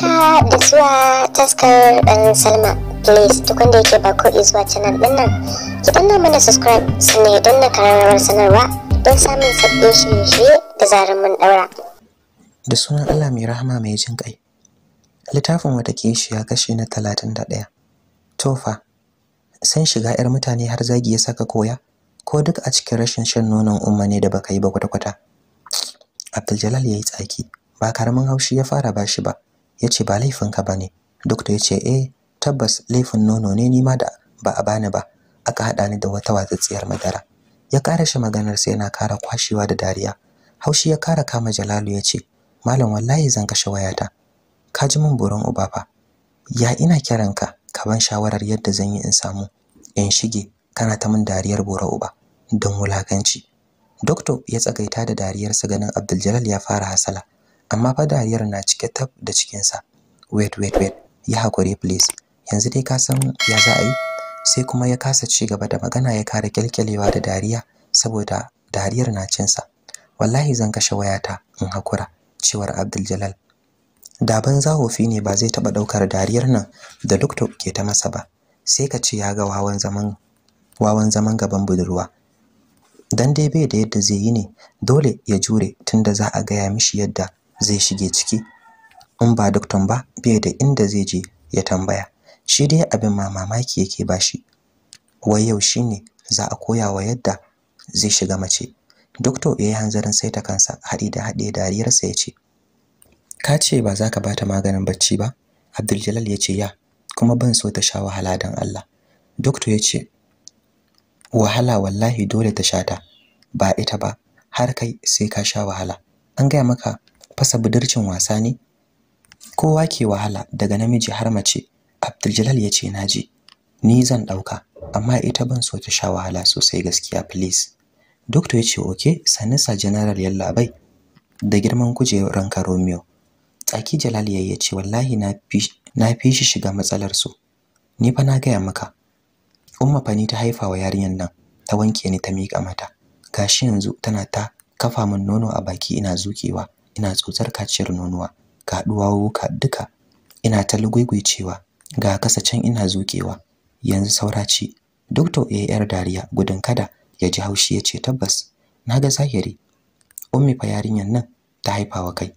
haka da zuwa taskar dan salma please duk wanda yake ba ko zuwa canal din nan ki danna mana subscribe sannan ya danna karamar sanarwa don samun sabbin shirye-shirye da zarar mun daura da sunan allah mai rahama mai jin kai littafin wata ya kashe na talatin da ɗaya tofa san shiga 'yar mutane har zagi ya saka koya ko duk a cikin rashin shan nonon umma ne da baka yi ba kwata-kwata abdul ya yi tsaki ba karamin haushi ya fara bashi ba ya ce ba laifinka ba ne dokta ya ce eh tabbas laifin nono ne nima da ba a bani ba aka haɗa ni da wata watsatsiyar madara ya kara shi maganar sai yana kara kwashewa da dariya haushi ya kara kama jalalu ya ce malam wallahi zan kashe wayata ka ji min burin uba fa ya ina kiranka ka ban shawarar yadda zan yi in samu in shige kana ta min dariyar bora uba don wulakanci Dokto ya tsagaita da dariyarsa ganin Abdul ya fara hasala. amma fa dariyar na cike tab da cikinsa wait wait wait ya hakuri please yanzu dai ka san ya za a yi sai kuma ya kasa ci gaba da magana ya kara kyalkyalewa da dariya saboda dariyar na cinsa wallahi zan kashe wayata in hakura cewar Abdul Jalal da ban zahofi ne ba zai taba daukar dariyar nan da doctor ke ta masa ba sai ka ce ya ga wawan zaman wawan zaman gaban budurwa dan dai bai da yadda zai yi ne dole ya jure tunda za a gaya mishi yadda zai shige ciki in ba doctor ba bai da inda zai je ya tambaya shi dai abin ma mamaki yake bashi wai yau shine za a koya wa yadda zai shiga mace doctor yayi hanzarin sai saita kansa hadi da haɗe dariyarsa ya ce ka ce ba za ka bata maganin bacci ba abdul ya ce ya kuma ban so ta sha wahala dan allah doctor ya ce wahala wallahi dole ta sha ta ba ita ba har kai sai ka sha wahala an gaya maka fasa budurcin wasa ne kowa ke wahala daga namiji har mace Abdul ya ce naji ni zan ɗauka. amma ita ban so ta sha wahala sosai gaskiya please doctor ya ce oke, sanin sa general yallabai da girman kujerar ka Romeo tsaki Jalal ya ce wallahi na fi na fi shi shiga matsalar su ni fa na gaya maka umma fa ta haifa wa yarinyar nan ta wanke ni ta mika mata gashi yanzu tana ta kafa min nono a baki ina zukewa ina tsotsar kaciyar nonuwa ga duwawuka duka ina ta cewa ga kasa can ina zukewa yanzu saura ci doctor AR Dariya gudun kada ya ji haushi ya ce tabbas naga zahiri ummi fa yarinyar nan ta haifawa kai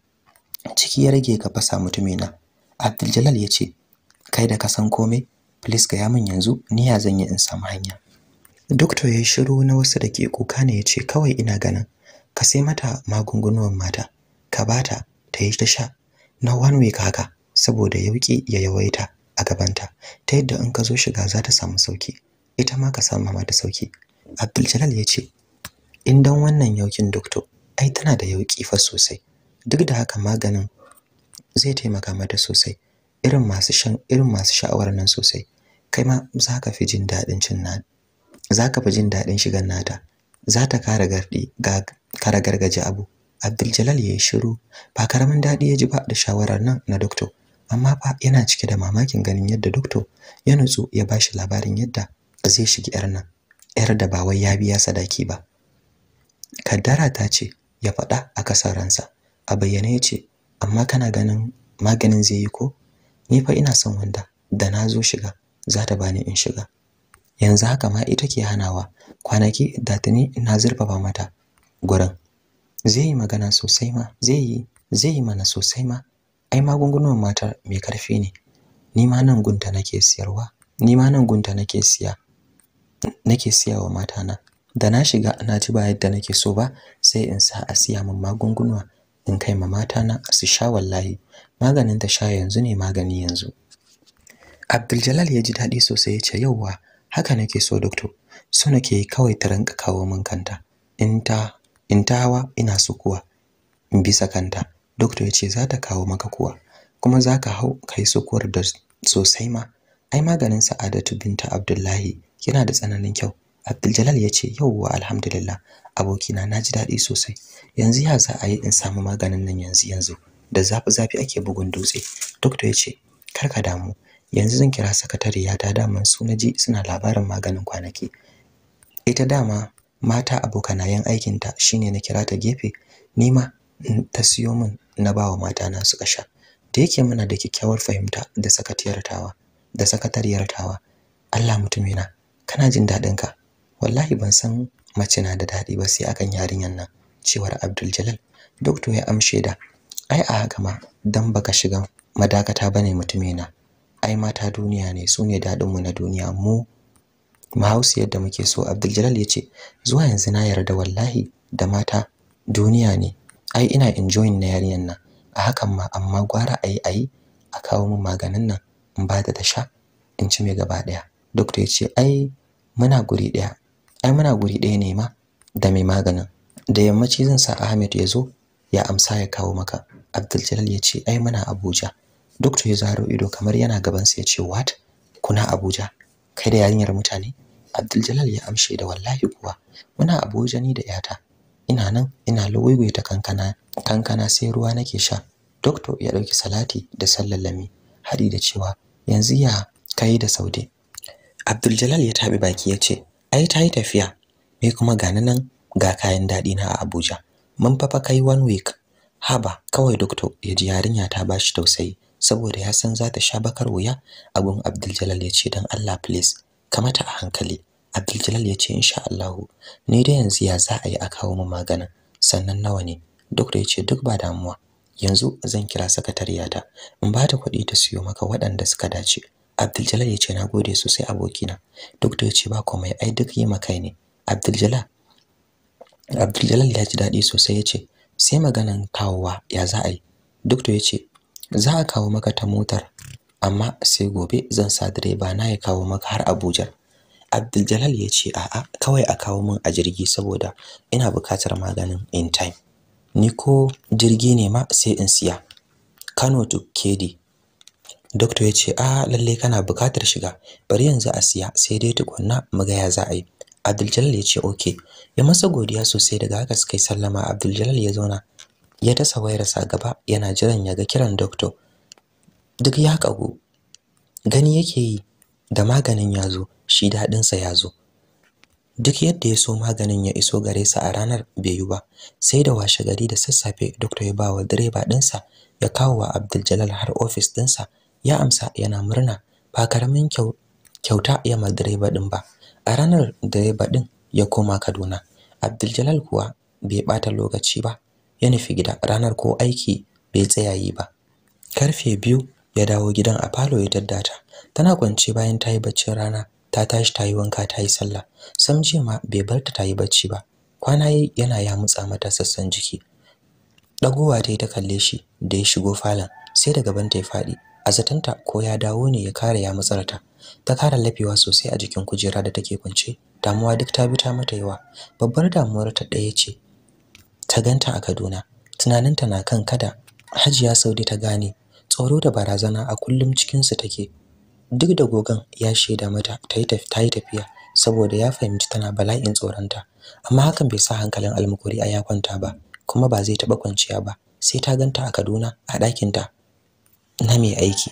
ciki ya rage ka fasa mutumina Abdul Jalal ya ce kai da ka san komai please ga yamin yanzu ni ya zan yi in samu hanya doctor ya shiru na wasu da ke kuka ne ya ce kawai ina ganin ka sai mata magungunan mata ka bata ta yi ta sha na one week haka saboda yauki ya yawaita a gabanta ta yadda in ka zo shiga za ta samu sauki ita ma ka samu mata sauki Abdul Jalal ya ce in dan wannan yaukin doktor ai tana da yauki fa sosai duk da haka maganin zai taimaka mata sosai irin masu shan irin masu sha'awar nan sosai kai ma za ka fi jin daɗin cin na za ka fi jin daɗin shigan nata za ta kara gardi ga kara gargaje abu Abdul ya yi shiru ba karamin daɗi ya ji ba da shawarar nan na doctor amma fa yana cike da mamakin ganin yadda doctor ya nutsu ya ba shi labarin yadda zai shigi yar nan yar da ba wai ya biya sadaki ba kaddara ta ce ya faɗa a kasar ransa a bayyane ya ce amma kana ganin maganin zai yi ko ni fa ina son wanda da na zo shiga za ta bani in shiga yanzu haka ma ita ke hanawa kwanaki da tuni na zurfafa mata gurin zai yi magana sosai ma zai yi zai yi mana sosai ma ai magungunan matar mai karfi ne ni ma nan gunta nake siyarwa ni ma nan gunta nake siya nake siyawa matana da na shiga na ji ba yadda nake so ba sai in sa a siya min magunguna in kai ma mata na su sha wallahi maganin ta sha yanzu ne magani yanzu Abdul ya ji daɗi sosai ya ce yauwa haka nake so doctor so nake kawai ta rinka kawo min kanta in ta in ta hawa ina sukuwa in bisa kanta doctor ya ce za ta kawo maka kuwa kuma za ka hau kai sukuwar da sosai ma ai maganin sa'adatu binta abdullahi yana da tsananin kyau abdul ya ce yau yauwa alhamdulillah abokina na ji daɗi sosai yanzu ya za a yi in samu maganin nan yanzu yanzu da zafi zafi ake bugun dutse doctor ya ce kar ka damu yanzu zan kira sakatariya ta Dama su na ji suna labarin maganin kwanaki ita dama mata abokanayen aikinta shine na kira ta gefe nima ta siyo min na bawa mata na suka sha da yake muna da kyakkyawar fahimta da sakatariyar tawa da sakatariyar tawa Allah mutumina kana jin dadin ka wallahi ban san mace na da dadi ba sai akan yarinyar nan cewar Abdul Jalal doctor ya amshe da ai a haka ma dan baka shiga madakata bane mutumina ai mata duniya ne su ne dadin mu na duniya mu hausa yadda muke so Abdul Jalal ya ce zuwa yanzu na yarda wallahi da mata duniya ne ai ina enjoying na yarinyan nan a hakan ma amma gwara ayi yi a kawo min maganin nan in ba da tasha in ci mai gaba daya doctor ya ce ai muna guri daya ai muna guri daya ne ma da mai maganin da yammaci zan sa Ahmed ya zo ya amsa ya kawo maka Abdul Jalal ya ce ai muna Abuja doctor ya zaro ido kamar yana gaban sa ya ce what kuna Abuja kai da yarinyar mutane Abdul ya amshe da wallahi kuwa muna Abuja ni da yata ina nan ina lawaiwaye ta kankana kankana sai ruwa nake sha doctor ya dauki salati da sallallami hari da cewa yanzu ya kai da Saude. Abdul ya tabi baki ya ce ai ta yi tafiya me kuma gani nan ga kayan daɗi na a Abuja mun fafa kai one week haba kawai doctor ya ji yarinya ta bashi tausayi saboda ya san za ta sha bakar wuya abun Abdul ya ce dan Allah please kamata a hankali Abdul ya ce insha Allah ni da yanzu ya za a yi a kawo mu magana sannan nawa ne Duk da ya ce duk ba damuwa yanzu zan kira sakatariya ta. in ba ta kuɗi ta siyo maka waɗanda suka dace Abdul ya ce na gode sosai abokina da ya ce ba komai ai duk yi maka ne Abdul ya ji daɗi sosai ya ce sai maganan kawowa ya za a yi da ya ce za a kawo maka ta motar amma sai gobe zan sa direba na ya kawo maka har Abuja Abdul ya ce a'a kawai a kawo min a jirgi saboda ina bukatar maganin in time ni ko jirgi ne ma sai in siya Kano to Kedi Doktor ya ce a lalle kana bukatar shiga bari yanzu a siya sai dai tukunna muga ya za a yi Abdul ya ce okay ya masa godiya sosai daga haka suka yi sallama Abdul ya zauna ya dasa wayarsa gaba yana jiran ya ga kiran doctor duk ya kago gani yake yi da maganin ya zo shi daɗinsa ya zo duk yadda ya so maganin ya iso gare sa a ranar bai yi ba sai da washe gari da sassafe doctor ya bawa direba ɗinsa ya kawo wa Abdul Jalal har ofis ɗinsa ya amsa yana murna ba karamin kyauta ya ma direba din ba a ranar direba din ya koma Kaduna Abdul Jalal kuwa bai bata lokaci ba ya nufi gida ranar ko aiki bai tsaya yi ba karfe biyu ya dawo gidan a falo ya daddata tana kwance bayan ta yi baccin rana ta tashi ta yi wanka ta yi sallah sam ma bai bar ta ta yi bacci ba kwana yana ya mutsa mata sassan jiki dagowa ta yi ta kalle shi da ya shigo falon sai da gaban ta ya faɗi a zatanta ko ya dawo ne ya kare ya matsarta ta kara lafewa sosai a jikin kujera da take kwance damuwa duk ta bi ta mata yawa babbar damuwar ta ɗaya ce ta ganta a Kaduna tunaninta na kan kada Hajiya Saudi ta gane tsoro da barazana a kullum cikin su take duk da gogan ya sheda mata ta yi tafiya saboda ya fahimci tana bala'in tsoronta amma hakan bai sa hankalin almukuri a ya ba kuma ba zai taba kwanciya ba sai ta ganta a Kaduna a ɗakin ta na mai aiki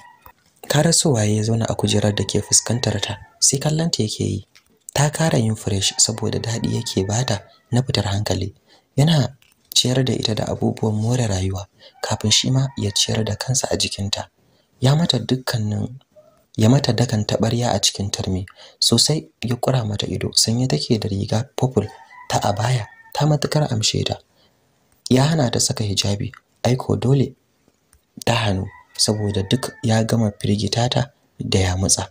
waye ya zauna a kujerar da ke fuskantar ta sai kallanta yake yi ta kara yin fresh saboda dadi yake bata na fitar hankali yana ciyar da ita da abubuwan more rayuwa kafin shi ma ya ciyar da kansa a jikinta ya mata dukkanin ya mata dakan tabarya a cikin tarmi. sosai ya kura mata ido sanye take da riga purple ta abaya ta matukar amshe ta ya hana ta saka hijabi aiko dole ta hannu saboda duk ya gama firgitata da ya mutsa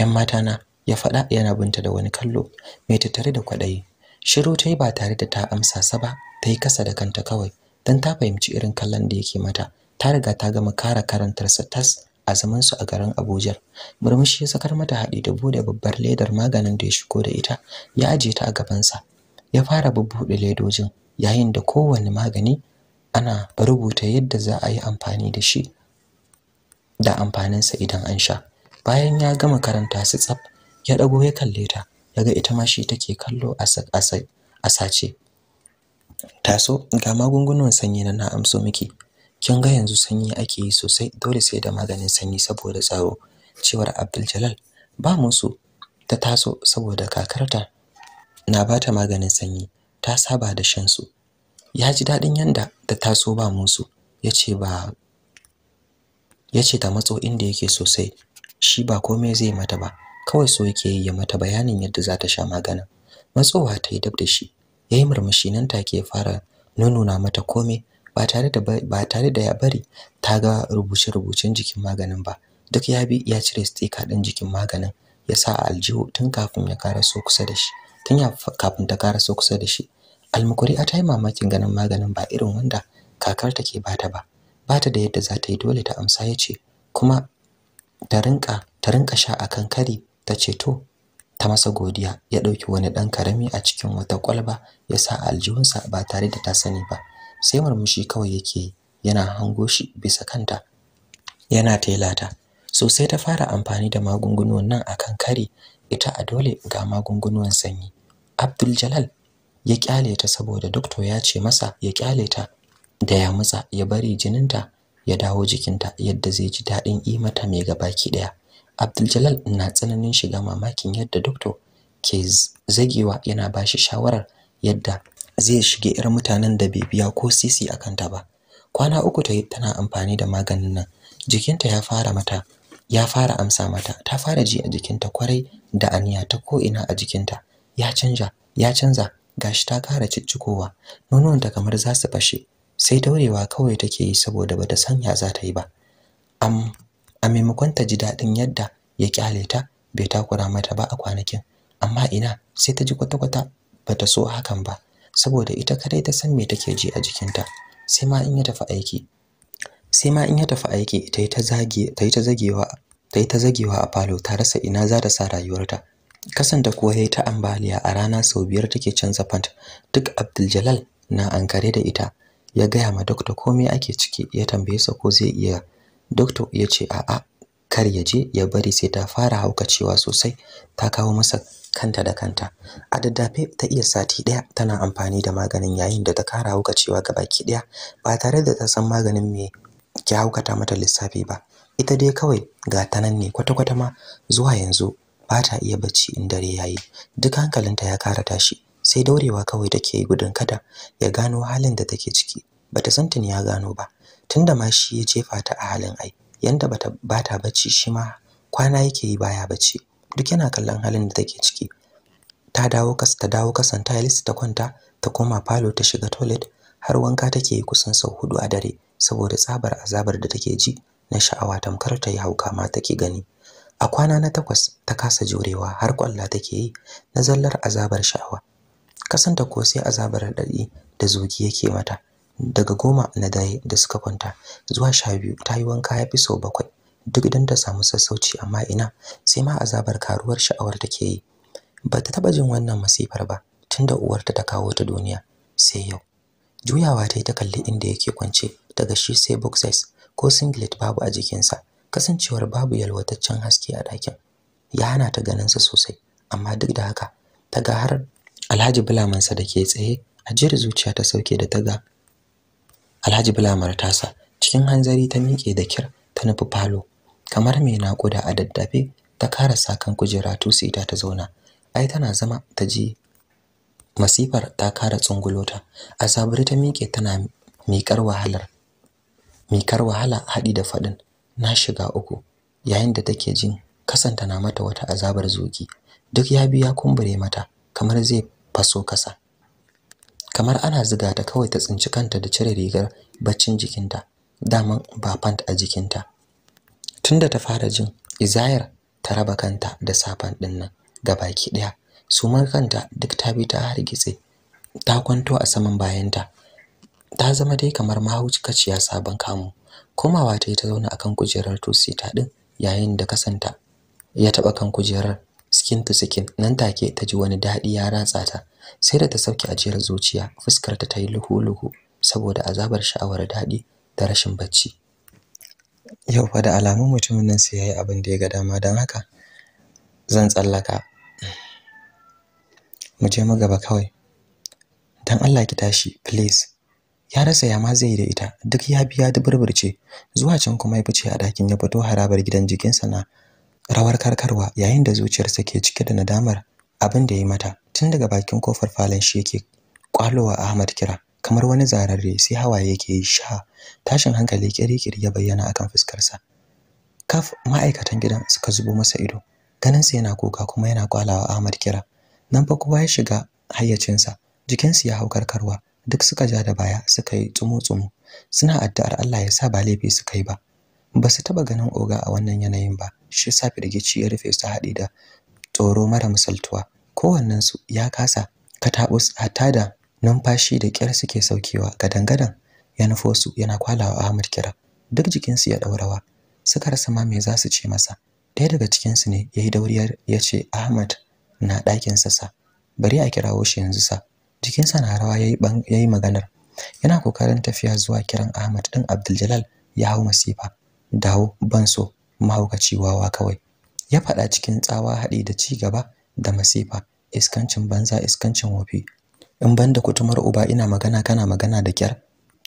yan matana ya faɗa yana binta da wani kallo mai tattare da kwaɗayi shiru ta yi ba tare da ta amsa sa ba ta yi kasa da kanta kawai don ta fahimci irin kallon da yake mata ta riga ta gama kara karantarsa tas a zaman su a garin Abuja. Murmushi ya sakar mata haɗi da bude babbar ledar maganin da ya shigo da ita ya ajiye ta a gabansa ya fara bubbuɗe ledojin yayin da kowane magani ana rubuta yadda za a yi amfani da shi da amfaninsa idan an sha bayan ya gama karanta su tsaf ya dago ya kalle ta yaga ita ma shi take kallo a sace taso ga magungunan sanyi na na amso miki kin ga yanzu sanyi ake yi sosai dole sai da maganin sanyi saboda tsaro cewar Abdul Jalal ba musu ta taso saboda kakarta na bata maganin sanyi ta saba da shan su ya ji dadin yanda ta taso ba musu yace ba yace ta matso inda yake sosai shi ba komai zai mata ba kawai so yake yi ya mata bayanin yadda za ta sha maganin matsowa ta yi dab da shi yayi murmushi nan take fara nununa mata komai ba tare da ba tare da ya bari ta ga rubuce-rubucen jikin maganin ba duk ya bi ya cire sticker din jikin maganin ya sa a aljihu tun kafin ya karaso kusa da shi tun ya kafin ta karaso kusa da shi almukuri a yi mamakin ganin maganin ba irin wanda kakar ta ke bata ba bata da yadda za ta yi dole ta amsa ya ce kuma ta rinka ta rinka sha akan kari ta ce to ta masa godiya ya ɗauki wani ɗan karami a cikin wata kwalba ya sa aljihunsa ba tare da ta sani ba sai murmushi kawai yake yana hango shi bisa kanta yana tailata sosai ta fara amfani da magungunan nan akan kare ita a dole ga magungunan sanyi Abdul Jalal ya kyale ta saboda doktor ya ce masa ya kyale ta da ya mutsa ya bari jininta ya dawo jikinta yadda zai ji daɗin imata mai gabaki ɗaya Abdul na tsananin shiga mamakin yadda doctor ke zagewa yana ba shi shawarar yadda zai shige irin mutanen da bai biya ko sisi a kanta ba. Kwana uku ta tana amfani da maganin nan. Jikinta ya fara mata ya fara amsa mata. Ta fara ji a jikinta kwarai da aniya ta ko a jikinta. Ya canja, ya canza, gashi ta kara ciccikowa. Nonuwanta kamar za su fashe. Sai daurewa kawai take yi saboda bata san ya za ta yi ba. Am a maimakon ta ji daɗin yadda ya kyale ta bai takura mata ba a kwanakin amma ina sai ta ji kwata-kwata bata so hakan ba saboda ita kadai ta san me take ji a jikinta sai ma in ya tafi aiki sai ma in ya tafi aiki ta yi ta zage ta yi ta zagewa ta yi ta zagewa a falo ta rasa ina za ta sa rayuwarta kasanta kuwa yi ta ambaliya a rana sau biyar take canza fant duk Abdul na ankare da ita ya gaya ma dokta komai ake ciki ya tambaye sa ko zai iya doctor ya ce a'a kar ya je ya bari sai ta fara haukacewa sosai ta kawo masa kanta da kanta a daddafe ta iya sati daya tana amfani da maganin yayin da ta kara haukacewa ga baki daya ba tare da ta san maganin me ki haukata mata lissafi ba ita dai kawai ga ta nan ne kwata-kwata ma zuwa yanzu ba ta iya bacci in dare yayi duk hankalinta ya kara tashi sai daurewa kawai take yi gudun kada ya gano halin da take ciki bata san tuni ya gano ba tunda ma shi ya jefa ta a halin ai yanda bata bata bacci shi ma kwana yake yi baya bacci duk yana kallon halin da take ciki ta dawo kas ta dawo kasan yi ta kwanta ta koma falo ta shiga toilet har wanka take yi kusan sau hudu a dare saboda tsabar azabar da take ji na sha'awa tamkar ta yi hauka ma take gani a kwana na takwas ta kasa jurewa har kwalla take yi na zallar azabar sha'awa kasanta ko sai azabar raɗaɗi da zugi yake mata daga goma na dare da suka kwanta zuwa sha biyu ta yi wanka ya fi sau bakwai duk don ta samu sassauci amma ina sai ma azabar karuwar sha'awar take yi ba ta taɓa jin wannan masifar ba tun da uwarta ta kawo ta duniya sai yau juyawa ta yi ta kalli inda yake kwance daga shi sai boxes ko singlet babu a jikinsa kasancewar babu yalwataccen haske a ɗakin ya hana ta sa sosai amma duk da haka ta ga har alhaji bulamansa da ke tsaye a jiri zuciya ta sauke da ta ga Alhaji Bulamar tasa cikin hanzari ta miƙe da kir ta nufi falo kamar mai naƙuda a daddafe ta kara sakan kujera tusita ta zauna ai tana zama ta ji masifar ta kara tsungulota a saburi ta miƙe tana miƙar wahalar miƙar wahala haɗi da faɗin na shiga uku yayin da take jin kasanta na mata wata azabar zuki duk ya biya kumbure mata kamar zai faso kasa kamar ana ziga ta kawai ta tsinci kanta da cire rigar baccin jikinta daman ba pant a jikinta tunda ta fara jin izayar ta raba kanta da safan din nan baki daya sumar kanta duk ta bi ta hargitse ta kwanto a saman bayanta ta zama dai kamar mahaucikaciya sabon kamu komawa ta yi ta zauna akan kujerar tosita din yayin da kasanta ya taba kan kujerar skin to skin nan take ta ji wani daɗi ya ratsa ta sai da ta sauke ajiyar zuciya fuskar ta ta yi luhu-luhu saboda azabar sha'awar daɗi da rashin bacci yau fa da alamun mutumin nan sai ya yi abin da ya ga dama don haka zan tsallaka mu je mu gaba kawai don Allah ki tashi please ya rasa ya ma zai da ita duk ya biya burburce. zuwa can kuma ya fice a dakin ya fito harabar gidan jikinsa na rawar karkarwa yayin da zuciyarsa ke cike da nadamar abin da ya yi mata tun daga bakin kofar falon shi yake kwalowa Ahmad kira kamar wani zararre sai hawaye yake yi sha tashin hankali kiri-kiri ya bayyana akan fuskarsa kaf ma'aikatan gidan suka zubo masa ido ganin sa yana kuka kuma yana kwalawa Ahmad kira nan fa kowa ya shiga hayyacinsa jikinsu ya hau karkarwa duk suka ja da baya suka yi tsumo-tsumo suna addu'ar Allah ya sa ba laifi su kai ba ba su taba ganin oga a wannan yanayin ba shi sa firgici ya rufe su haɗi da tsoro mara misaltuwa kowannensu ya kasa kataɓus hatta da numfashi da ƙyar suke saukewa gadangadan ya nufo su yana kwalawa Ahmad kira duk jikinsu ya ɗaurawa suka rasa ma me za su ce masa ɗaya daga cikinsu ne ya yi dauriyar ya ce Ahmad na ɗakinsa sa bari a kirawo shi yanzu sa jikinsa na rawa ya yi maganar yana kokarin tafiya zuwa kiran Ahmad ɗin Abdul ya hau masifa dawo ban so mahaukaci wawa kawai ya faɗa cikin tsawa haɗi da ci gaba da masifa iskancin banza iskancin wofi in banda kutumar uba ina magana kana magana da kyar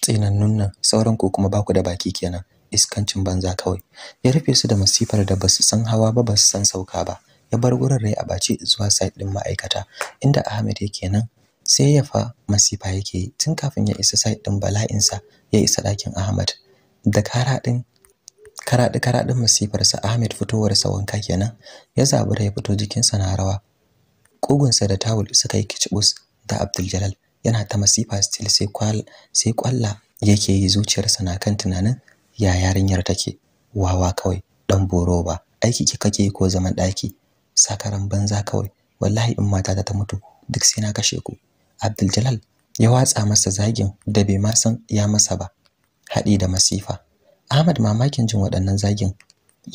tsinannun nan sauran ku kuma baku da baki kenan iskancin banza kawai ya rufe su da masifar da basu san hawa ba basu san sauka ba ya bar gurin rai a baci zuwa site din ma'aikata inda Ahmed yake nan sai ya fa masifa yake tun kafin ya isa site din bala'insa ya isa dakin Ahmed da kara din karaɗi karaɗin masifarsa Ahmed fitowarsa wanka kenan ya zabura ya fito jikinsa na rawa sa da tawul suka yi kicibus da Abdul Jalal yana ta masifa still sai kwal sai kwalla yake yi zuciyarsa na kan tunanin ya yarinyar take wawa kawai dan boro ba aiki ki kake ko zaman daki sakaran banza kawai wallahi in mata ta mutu duk sai na kashe ku Abdul Jalal ya watsa masa zagin da bai ma san ya masa ba haɗi da masifa Ahmad mamakin jin waɗannan zagin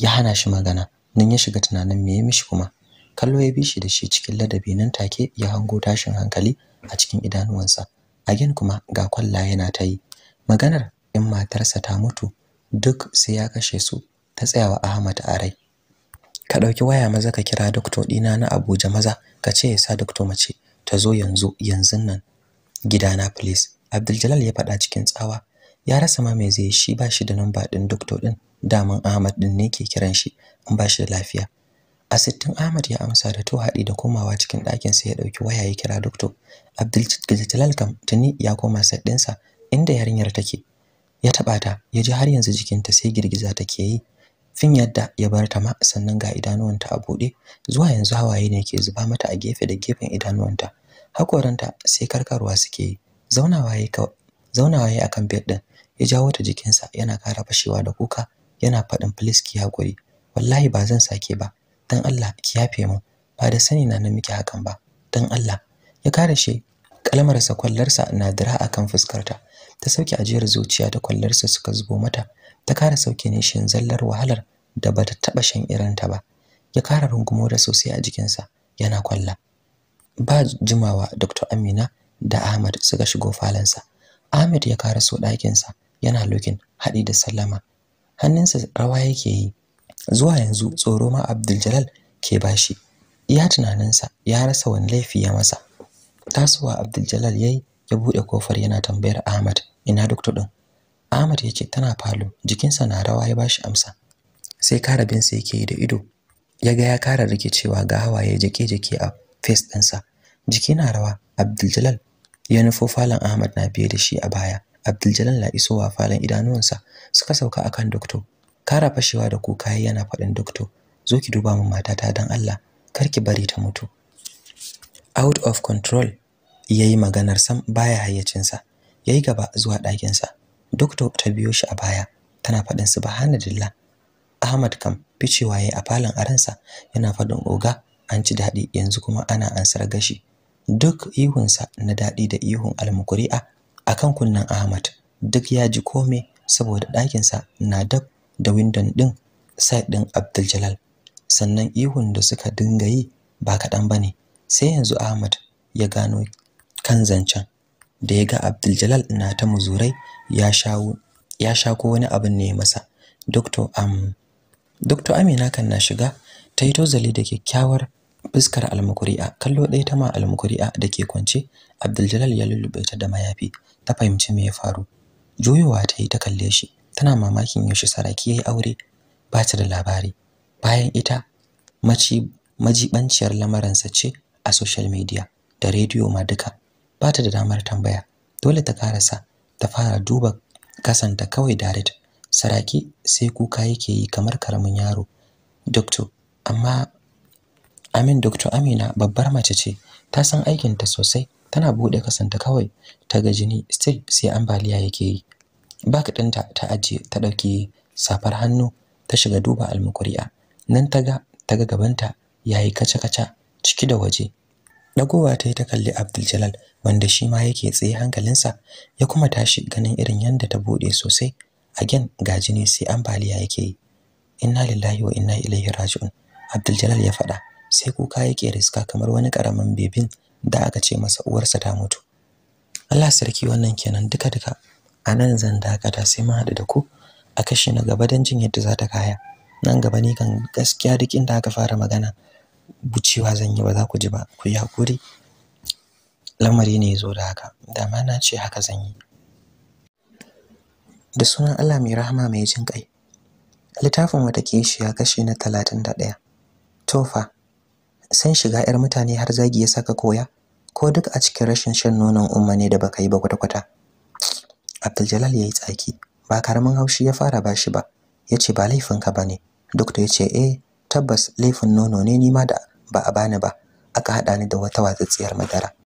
ya hana shi magana nan ya shiga tunanin me ya mishi kuma kallo ya bi shi da shi cikin ladabi nan take ya hango tashin hankali a cikin idanuwansa gin kuma ga kwalla yana ta yi maganar in matarsa ta mutu duk sai ya kashe su ta tsayawa Ahmad a rai ka ɗauki waya maza ka kira doctor dina na Abuja maza ka ce ya sa doctor mace ta zo yanzu yanzun nan gidana please Abdul ya faɗa cikin tsawa ya rasa ma mai zai shi ba shi da namba ɗin doktor din daman Ahmad ɗin ne ke kiran shi in ba shi da lafiya asittin Ahmad ya amsa da to haɗi da komawa cikin ɗakin sa ya ɗauki waya ya kira doktor. Abdul Jalal kam tuni ya koma set ɗinsa inda yarinyar take ya taɓa ta ya ji har yanzu jikinta sai girgiza take yi fin yadda ya bar ta ma sannan ga idanuwanta a buɗe zuwa yanzu hawaye ne ke zuba mata a gefe da gefen idanuwanta hakoranta sai karkarwa suke yi zaunawa ya akan bed ɗin ya jawo ta jikinsa yana ƙara fashewa da kuka yana faɗin please ki hakuri wallahi ba zan sake ba dan Allah ki yafe mu ba da sani na na miki hakan ba dan Allah ya kare shi kalmarsa kwallarsa na dira akan fuskarta ta sauke ajiyar zuciya da sa suka zubo mata ta kara sauke ne shin zallar wahalar da bata taba shan irin ta ba ya kara rungumo da sosai a jikinsa yana kwalla ba jimawa Dr. Amina da Ahmad suka shigo falansa Ahmed ya kara so ɗakinsa yana lokin, haɗi da sallama hannunsa rawa yake yi zuwa yanzu tsoro ma Abdul ke bashi iya tunaninsa ya rasa wani laifi ya masa tasowa Abdul Jalal yi ya buɗe kofar yana tambayar Ahmad ina doctor ɗin? Ahmad ya ce tana falo jikinsa na rawa ya bashi amsa sai karabin sa yake da ido ya ga ya kara rikicewa ga hawaye jake-jake a fes ɗinsa jiki na rawa Abdul ya nufo falon Ahmad na biye da shi a baya Abdul na isowa falon idanuwansa suka sauka akan doktor. Kara fashewa da kuka yana faɗin doktor, zo ki duba min matata don Allah, kar ki bari ta mutu. Out of control yayi maganar sam baya hayyacinsa. Yayi gaba zuwa ɗakinsa. Doktor ta biyo shi a baya, tana faɗin subhanallah. Ahmad kam ficewa yayi a falon aransa yana faɗin oga an ci daɗi yanzu kuma ana ansar gashi. Duk ihunsa na daɗi da ihun almukuri'a akan kunnen Ahmad duk ya ji kome saboda ɗakinsa na dab da windon din side ɗin Abdul sannan ihun da suka dinga yi ba kaɗan bane sai yanzu Ahmad ya gano kan zancen da ya ga Abdul na ta muzurai ya shawo ya shako wani abin ne masa Dr. Am Dr. Amina kan na shiga ta yi tozali da kyakkyawar fuskar almukuri'a kallo ɗaya ta ma almukuri'a da ke kwance Abdul ya lullube ta da mayafi ta fahimci me ya faru juyowa ta yi ta kalle shi tana mamakin yaushe saraki ya yi aure ba ta da labari bayan ita maci majibanciyar lamaransa ce a social media da rediyo ma duka ba ta da damar tambaya dole ta karasa ta fara duba kasanta kawai direct saraki sai kuka yake yi kamar karamin yaro doctor amma amin doctor amina babbar mace ce ta san aikinta sosai tana buɗe kasanta kawai ta ga jini still sai ambaliya yake yi ba kaɗanta ta ajiye ta ɗauki safar hannu ta shiga duba almukuri'a nan ta ga ta ga gabanta yayi kaca-kaca ciki da waje dagowa ta yi ta kalli Abdul wanda shi ma yake tsaye hankalinsa ya kuma tashi ganin irin yadda ta bude sosai again ga jini sai ambaliya yake yi inna lillahi wa inna ilaihi raji'un Abdul ya faɗa sai kuka yake riska kamar wani karamin bebin da aka ce masa uwarsa ta mutu Allah sarki wannan kenan duka duka a nan zan dakata sai mun haɗu da ku a kashi na gaba don jin yadda za ta kaya nan gaba ni kan gaskiya duk inda aka fara magana bucewa zan yi ba za ku ji ba ku yi hakuri lamari ne zo da haka da ma na ce haka zan yi da sunan Allah mai rahama mai jin kai littafin wata ke ya kashi na talatin da ɗaya. tofa san shiga 'yar mutane har zagi ya saka koya ko duk a cikin rashin shan nonon umma ne da baka yi ba kwata-kwata Abdul ya yi tsaki ba karamin haushi ya fara bashi ba yace ba laifinka bane doctor yace eh tabbas laifin nono ne nima da ba a bani ba aka haɗa ni da wata watsatsiyar madara